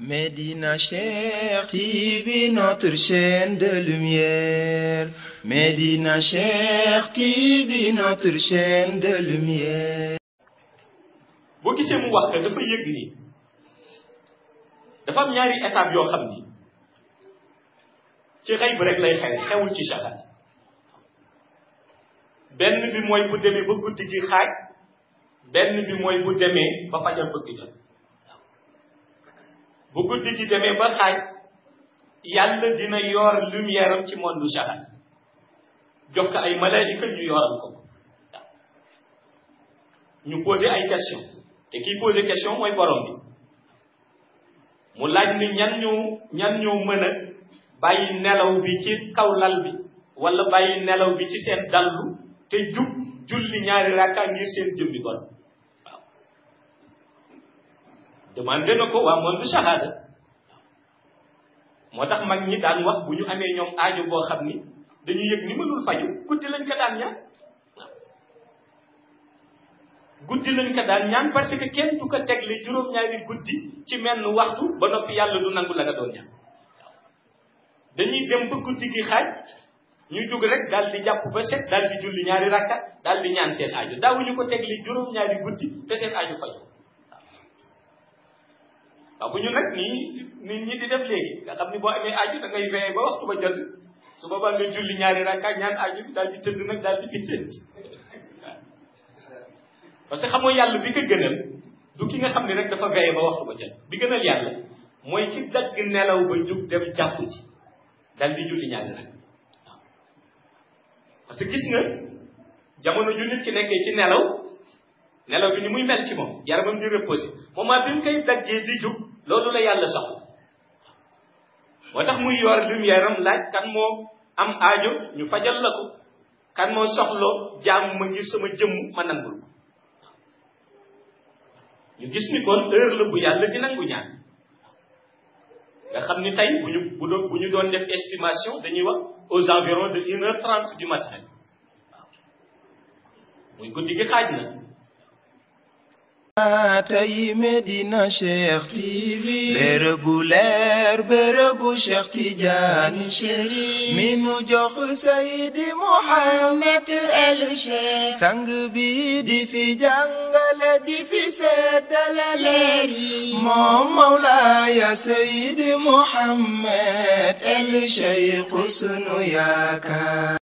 Médina Cheikh TV, notre chaîne de lumière. boo gisee mu wax que dafa yëg ni dafa am ñaari étape yoo xam ni ci xayb rek lay xew xewul ci saxal benn bi mooy bu demee ba guddi gi xaaj benn bi mooy bu demee ba fajar bëgg jot. bu guddi gi demee ba xaaj yàlla dina yor lumière ci monde jahal jox ko ay malaayika ñu yoral ko waaw ñu posé ay question te kii posé question mooy borom bi mu laaj ni ñan ñu ñan bàyyi nelaw bi ci kaw lal bi wala bàyyi nelaw bi ci seen dallu te jub julli ñaari rakka ngir seen jëmbi borom demandé na ko waa monde shahada moo tax mag ñi daan wax bu ñu amee ñoom aajo boo xam ni dañuy yëg ni mënul faju guddi lañ ko daan ñaan guddi lañ ko parce que kenn du ko tegle juróom-ñaari guddi ci menn waxtu ba noppi yàlla du nangu la nga doon ñaan dañuy dem ba guddi gi xaaj ñu jug rek daal di jàpp ba set daal di julli ñaari rakkat daal di ñaan seen aajo daawuñu ko tegle juróom-ñaari guddi te seen aajo faju waaw bu ñu nag nii nit ñii di def léegi nga xam ni boo amee aju da ngay veillé ba waxtu ba jot su boobaa nga julli ñaari rakka ñaan aju bi daal di tëdd nag daal di fitteent parce que xamoo yàlla bi nga gënal du ki nga xam ne rek dafa veillé ba waxtu ba jot bi gënal yàlla mooy ki dagg nelaw ba jug dem jàpp ci daal julli ñaari rakka parce que gis nga jamono ju nit nekkee ci nelaw nelaw bi ni muy mel ci moom yaramam di reposé moment bi mu koy daggee loolu la yàlla saxu moo tax muy yor lumière am laaj kan moo am ajo ñu fajal la ko kan moo soxloo jaam ma ngir sama jëmm ma nangul ko ñu gis ni kon heure la bu yàlla di nangu ñaan nga xam ni tay bu ñu bu doon bu ñu doon def estimation dañuy wax aux environs de une heure trente du matin waaw muy guddi gi xaaj na tey Medina Cheikh TV bërëbu leer bërëbu Cheikh Tidiane Chérif mi nu jox Seydi Mouhamed El Cheikh sang bi di fi jàngale di fi seddale leer yi moom Mawlaaya Seydi Mouhamed El Cheikh sunu yaakaar